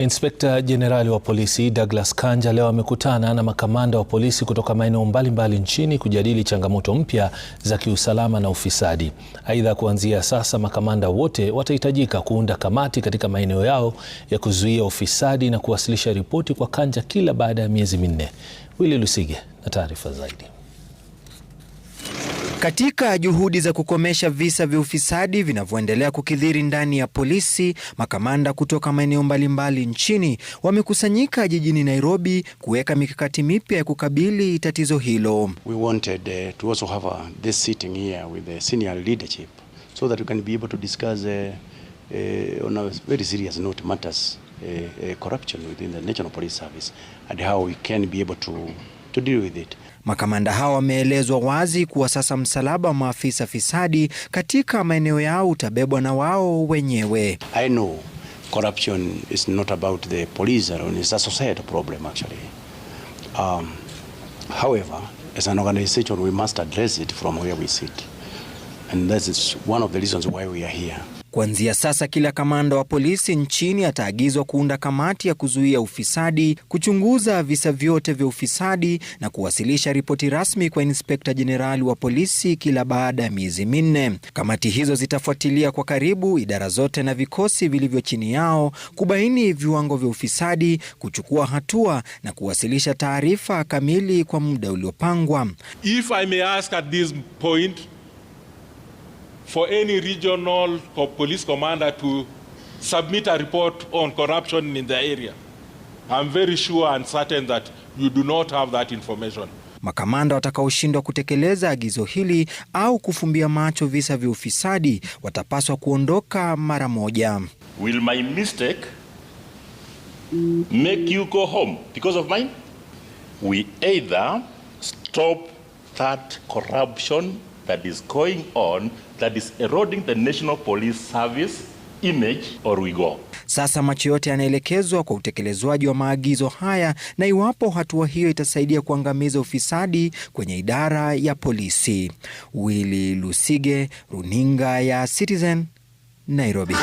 Inspekta Jenerali wa polisi Douglas Kanja leo amekutana na makamanda wa polisi kutoka maeneo mbalimbali nchini kujadili changamoto mpya za kiusalama na ufisadi. Aidha, kuanzia sasa makamanda wote watahitajika kuunda kamati katika maeneo yao ya kuzuia ufisadi na kuwasilisha ripoti kwa Kanja kila baada ya miezi minne. Willy Lusige na taarifa zaidi. Katika juhudi za kukomesha visa vya ufisadi vinavyoendelea kukithiri ndani ya polisi, makamanda kutoka maeneo mbalimbali nchini wamekusanyika jijini Nairobi kuweka mikakati mipya ya kukabili tatizo hilo. We wanted, uh, to also have a, uh, this sitting here with the senior leadership so that we can be able to discuss uh, uh, on a very serious note matters uh, uh, corruption within the National Police Service and how we can be able to to deal with it. Makamanda hao wameelezwa wazi kuwa sasa msalaba wa maafisa fisadi katika maeneo yao utabebwa na wao wenyewe. I know corruption is not about the police alone, it's a societal problem actually. Um, however, as an organization we must address it from where we sit and that is one of the reasons why we are here. Kuanzia sasa kila kamanda wa polisi nchini ataagizwa kuunda kamati ya kuzuia ufisadi, kuchunguza visa vyote vya ufisadi na kuwasilisha ripoti rasmi kwa inspekta jenerali wa polisi kila baada ya miezi minne. Kamati hizo zitafuatilia kwa karibu idara zote na vikosi vilivyo chini yao, kubaini viwango vya ufisadi, kuchukua hatua na kuwasilisha taarifa kamili kwa muda uliopangwa. If I may ask at this point for any regional police commander to submit a report on corruption in the area. I'm very sure and certain that you do not have that information. Makamanda watakaoshindwa kutekeleza agizo hili au kufumbia macho visa vya ufisadi watapaswa kuondoka mara moja. Will my mistake make you go home because of mine? We either stop that corruption that is going on that is eroding the national police service image or we go. Sasa macho yote yanaelekezwa kwa utekelezwaji wa maagizo haya na iwapo hatua hiyo itasaidia kuangamiza ufisadi kwenye idara ya polisi. Willy Lusige, Runinga ya Citizen, Nairobi.